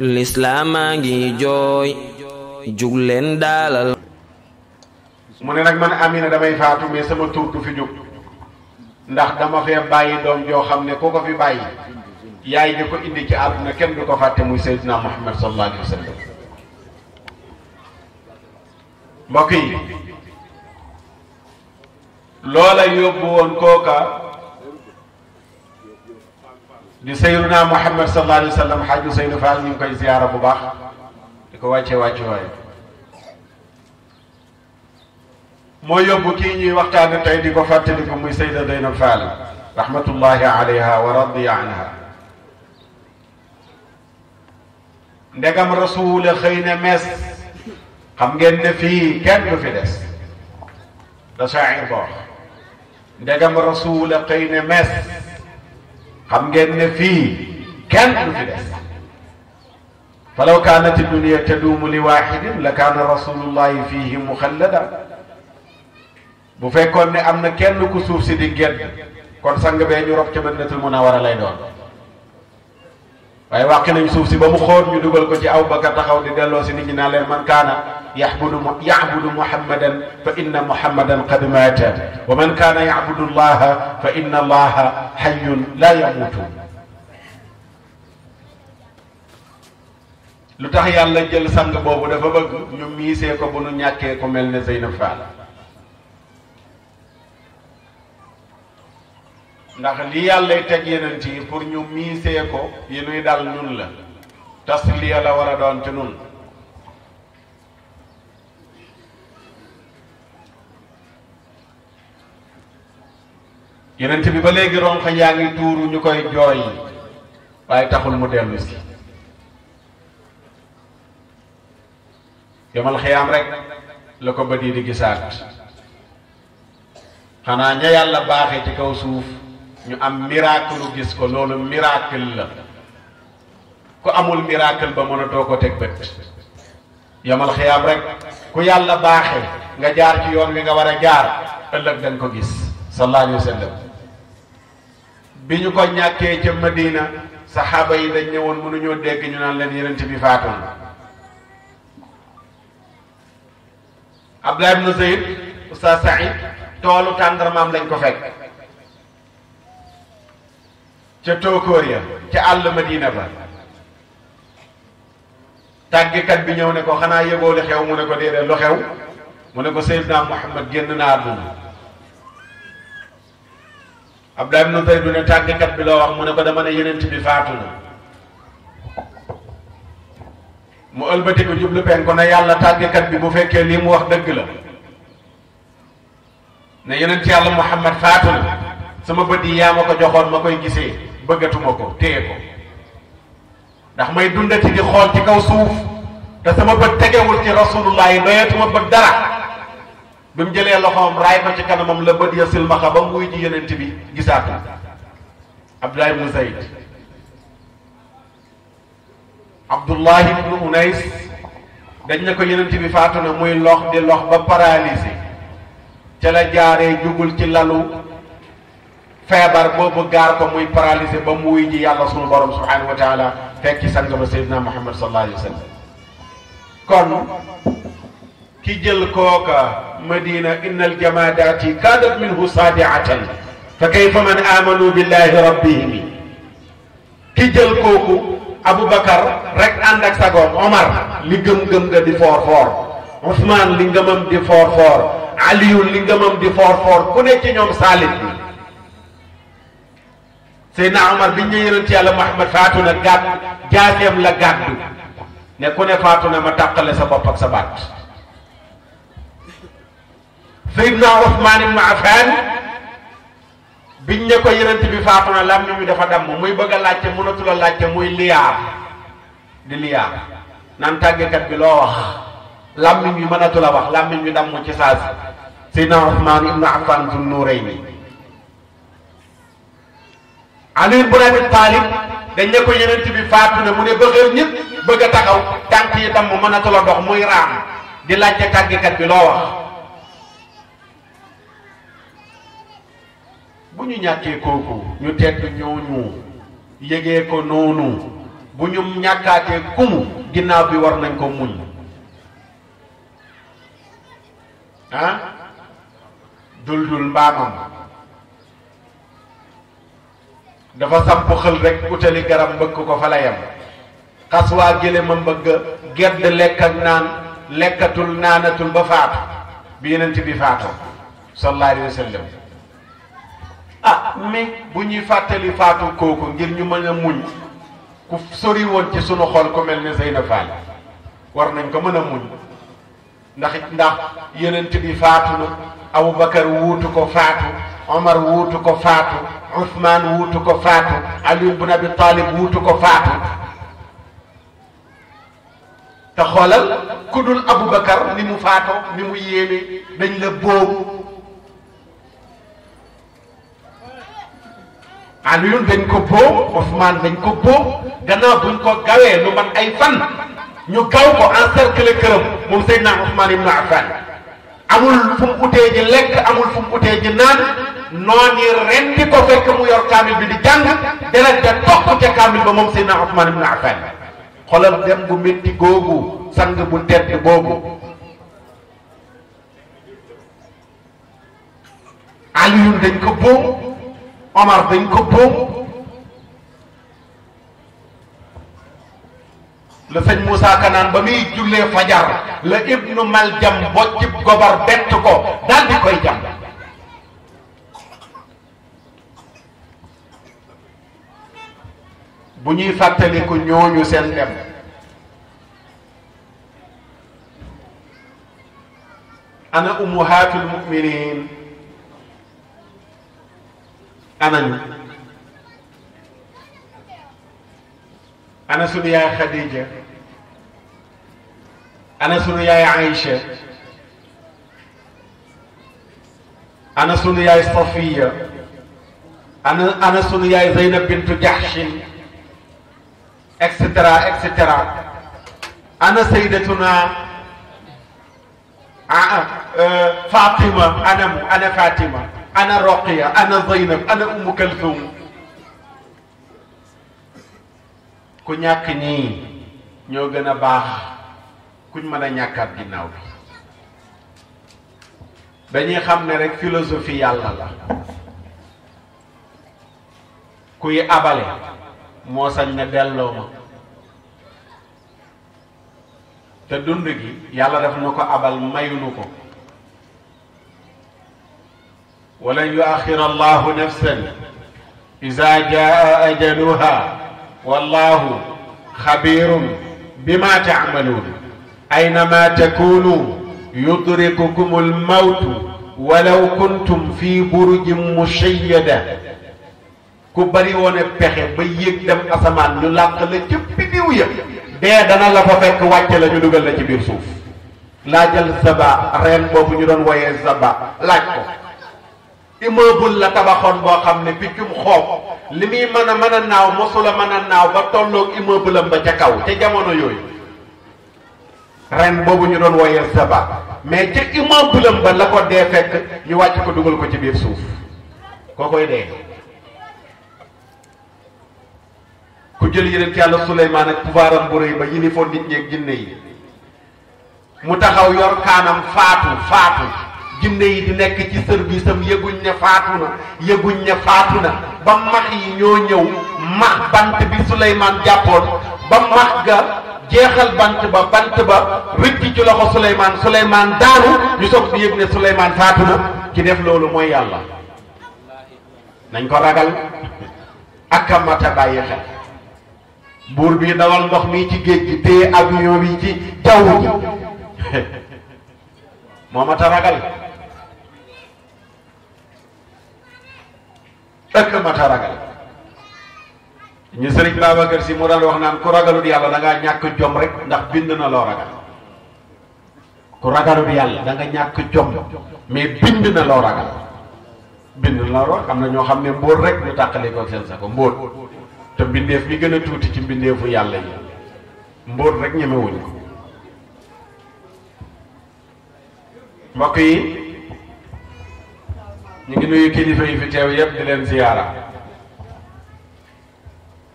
a ngi jooy jug leen daalal mu ne nag man Amina damay faatu mais sama tur fi jug ndax dama fee bàyyi doom joo xam ne ku ko fi bàyyi yaay di ko indi ci àdduna kenn du ko fàtte muy Seydina Muhammad sallallahu alayhi wa loola yóbbu woon kooka di sayyiduna Muhammad sallallahu alayhi wa sallam xaaju Seydou Fall ñu ngi koy bu baax di ko wàccee wàccu waaye moo yóbbu kii ñuy waxtaane tey di ko fàttali ko muy Seyda Dayna Fall rahmatullahi alayha wa radiya anha ndegam rasuula xëy na mees xam fii kenn du fi des da ndegam rasuula xëy na xam ngeen ne fii kenn du fi des falaw kaanat dunia taduumu li waaxidin la kaana rasulullahi fihi muxallada bu fekkoon ne am na kenn ku suuf si di gedd kon sang bee ñu rob ca Madinatul Munawara lay doon waaye wàqi nañ suuf si ba mu xóot ñu dugal ko ci aw ba bakar taxaw di delloo si nit ñi naa leen man kaana yaxbudu yaxbudu muhammadan fa inna muhammadan qad maata wa man kaana yaxbudu allaha fa inna allaha xayun laa yamuutu lu tax yàlla jël sang boobu dafa bëgg ñu miisee ko bu nu ñàkkee mel ne Zeynab Fall ndax li yàllay teg yenent yi pour ñu miisee ko yi nuy dal ñun la tasliya la war a doon ci nun yenent bi ba léegi ronxañ yaa ngi tuuru ñu koy jooy waaye taxul mu dellu si yamal xiyaam rek la ko bët yi di gisaat xanaa ña yàlla baaxee ci kaw suuf ñu am miracle gis ko loolu miracle la ku amul miracle ba mënatoo ko teg bët yamal xiyaam rek ku yàlla baaxe nga jaar ci yoon wi nga war a jaar ëllëg dañ ko gis sa alayhi wa sallam ñu ko ñàkkee ca Madina saxaaba yi dañ ñëwoon mënuñoo dégg ñu naan leen yenent bi faatu na Abdullah ibnu toolu tàndarmaam lañ ko fekk ca tookóor ya ca àll madina ba tàggkat bi ñëw ne ko xanaa yëgoo li xew mu ne ko déedéet lu xew mu ne ko Seydina Muhammad génn na àdduna Abdoulaye ibnu bi loo mu ne ko dama ne yenent bi na mu ëlbatiku jublu pen ko ne yàlla tàggkat bi bu fekkee lii mu wax dëgg la ne yenent yàlla Muhammad faatu na sama bët yi yaa ma ko joxoon ma koy gisee bëggatuma ko téye ko ndax may dundati di xool ci kaw suuf te sama bët tegewul ci rasulullah yi doyatuma bët dara bi mu jëlee loxoom raay ko ci kanamam la bët ya silmaxa ba mu ji yonent bi gisaatu Abdullah ibnu Zayd Abdullah ibnu Unays dañ ne ko yonent bi faatu na muy lox di lox ba paralysé ca la jaaree jugul ci lalu feebar boobu gaar ko muy paralysé ba mu wuy ji yàlla sunu borom subhanahu wa taala fekk ci sang ba Seydina Muhammad sallallahu alayhi wa sallam kon ki jël kooka madina inna aljamadaati kaadat minhu saadiatan fa kayfa man amanu billahi rabbihim ki jël kooku aboubacar rek ànd ak sagoom omar li gëm-gëm nga di foor foor ousmane li ngëmam di foor foor aliyun li ngëmam di foor foor ku ne ci ñoom saalit bi Seydina Omar bi ñu ne yonent yàlla Muhammad faatu na gàdd jaaseem la gàddu ne ku ne faatu na ma tàqale sa bopp ak sa baat Seydina Ousmane ibn Affan biñ ne ko yonent bi faatu na lam mi dafa damm muy bëgg a laajte mënatul a laajte muy liyaar di liyaar naan tàggekat bi loo wax lam mi mënatul a wax lam mi damm ci saasi Seydina Ousmane ibn Affan Zul Nuurayni Ali ibn Abi Talib dañ ne ko yenent bi faatu na mu ne bëxër ñëpp bëgg a taxaw tànk yi damm mënatul a dox muy raam di laajte tàggikat bi loo wax bu ñu ñàkkee kooku ñu tedd ñooñu yëgee ko noonu bu ñu ñàkkaatee kumu ginnaaw bi war nañ ko muñ ah dul dul mbaamam dafa samp xël rek utali garab mbëkk ko fa la yem xas waa gële ma mbëgg gedd lekk naan lekkatul naanatul ba faatu bi yenent bi faatu sallallahu alayhi ah mais bu ñuy fàttali faatu kooku ngir ñu mën a muñ ku sori woon ci sunu xol ku mel ne Zeyna Fall war nañ ko mën a muñ ndax ndax yenent bi faatu na Aboubacar wuutu ko faatu Omar wuutu ko faatu Ousmane wuutu ko faatu Ali ibn Abi Talib wuutu ko faatu te xoolal ku dul Aboubacar ni mu faatoo ni mu yéeme dañ la boobu Alioune dañ ko boobu Ousmane dañ ko boobu gannaaw buñ ko gawee lu man ay fan ñu gaw ko encercler këram moom Seydina Ousmane ibn Affan amul fu mu utee ji lekk amul fu mu utee ji naan noon yi ko fekk mu yor kaamil bi di jàng deret ja topp ca kaamil ba moom Seydina Ousmane ibn Affan xoolal dem gu métti googu sang bu tedd boobu Aliou dañ ko boom dañ ko boom la sëñ Moussa Kanaan ba muy jullee fajar la ibnu Maljam boccib gobar bett ko daal koy jam bu ñuy fàttaliku ñooñu seen dem ana ummuhatul muminin anañu ana sunu yaay Khadija ana sunu yaay ana sunu yaay Safiya ana ana sunu yaay bintu Jahshin et cetera et cetera ana sayyidatuna ah Fatima ana mu ana Fatima ana ana Zeynab ana Umu Kalsum ku ñàkk ñii ñoo gën a baax kuñ mën a ñàkkaat ginnaaw bi dañuy xam ne rek philosophie yàlla la kuy abale moo sañ na delloo ma te dund gi yàlla daf na ko abal mayunu ko walan yuaxira allahu nafsan ida jaa ajaluha wallahu xabirum bima taamaluun aynama takunu yudrikukum almawtu walaw kuntum fi burujin mushayyada ku bari woon pexe ba yéeg dem asamaan ñu làq la ca bidiw ya dee dana la ko fekk wàcce la ñu dugal la ci biir suuf laajal saba reen boobu ñu doon woyee saba laaj ko immeuble la tabaxoon boo xam ne piccum xoob li muy mën a mën a naaw mosula mën a naaw ba tolloog immeuble am ba ca kaw ca jamono yooyu ren boobu ñu doon woyee saba mais ca immeuble am ba la ko dee fekk ñu wàcc ko dugal ko ci biir suuf koo koy dee ku jël yeneen yàlla Suleymaan ak pouvoiram bu rëy ba yilifoo nit ñeeg jinne yi mu taxaw yor kaanam faatu faatu jinne yi di nekk ci service am yëguñ ne faatu na yëguñ ne faatu na ba max yi ñoo ñëw max bant bi Suleymaan jàppoon ba max ga jeexal bant ba bant ba rëcc ci loxo Suleymaan Suleymaan daanu ñu soog su yëg ne Suleymaan faatu na ci def loolu mooy yàlla nañ ko ragal ak a mat buur bi dawal ndox mi ci géej gi téye avion bi ci jaww ji moo ma taragal ëkk ma taragal ñu sëriñ Babacar si mu daan wax naan ku ragalut yàlla da ñàkk jom rek ndax bind na loo ragal ku ragalut yàlla da ñàkk jom mais bind na loo ragal bind na loo ragal am na ñoo xam ne mbóot rek ñu tàqalee ko seen sa ko mbóot te mbindeef bi gën a tuuti ci mbindeefu yàlla yi mbóot rek ñemewuñ mbokk yi ñu ngi nuyu kilifa yi fi teew yépp di leen ziyaara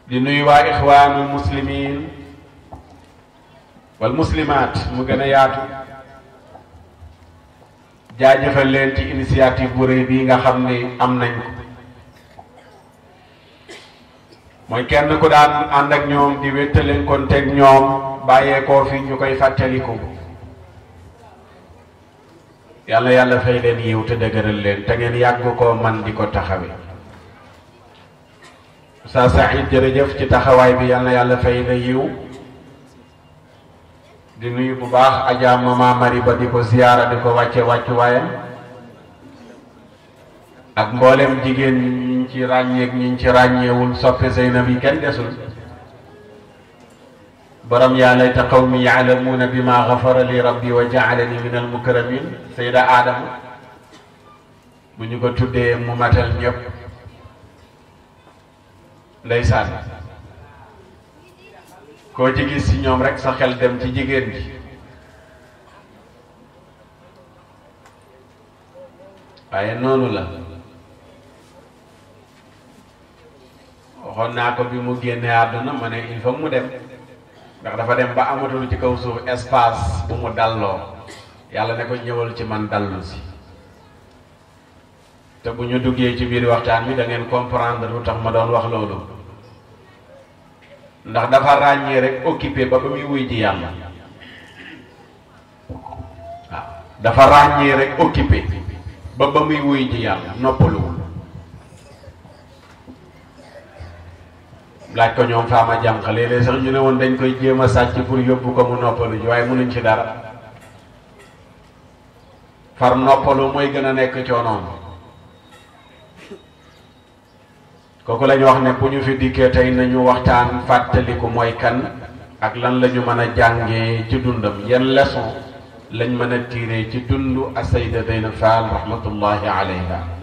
di nuyu waa ixwaanul muslimiin wal muslimaat mu gën a yaatu jaajëfal leen ci initiative bu rëy nga xam ni am nañ mooy kenn ko daan ànd ak ñoom di wéttaleen kon teg ñoom bàyyeekoo fi ñu koy fàttaliku yàlla yàlla fay leen yiw te dëgëral leen te ngeen yàgg ko man di ko taxawe sa Saïd jërëjëf ci taxawaay bi yàlla yàlla fay la yiw di bu baax Adja Mama Mari ba di ko ziyaara di ko wàcce wàccu waayam ak mboolem jigéen ñi ñu ci ràññeek ñu ci ràññeewul soppe Zeynab yi kenn desul borom yaa layta qawmi yaalamuuna bima xafara li rabbi wa jaalani min al mukramin bu ñu ko tuddee mu matal ñëpp ndeysaan koo ci gis ci ñoom rekk sa xel dem ci jigéen bi waaye noonu la waxoon naa ko bi mu génnee àdduna ma ne il faut mu dem ndax dafa dem ba amatul ci kaw suuf espace bu mu dalloo yàlla ne ko ñëwal ci man dallu si te bu ñu duggee ci biir waxtaan bi da ngeen comprendre lu tax ma doon wax loolu ndax dafa ràññee rek occupé ba ba muy wuy ji yàlla waaw dafa ràññee rek occupé ba ba muy wuy ji yàlla noppaluwul laaj ko ñoom faama jànq léeg-léeg sax ñu ne woon dañ koy jéem a sàcc pour yóbbu ko mu noppalu ji waaye mënuñ ci dara far noppalu mooy gën a nekk coonoom kooku la ñu wax ne bu ñu fi dikkee tey nañu waxtaan fàttaliku mooy kan ak lan la ñu mën a jàngee ci dundam yan leçon lañ mën a tiiree ci dund asayda dayna faal rahmatullahi alayha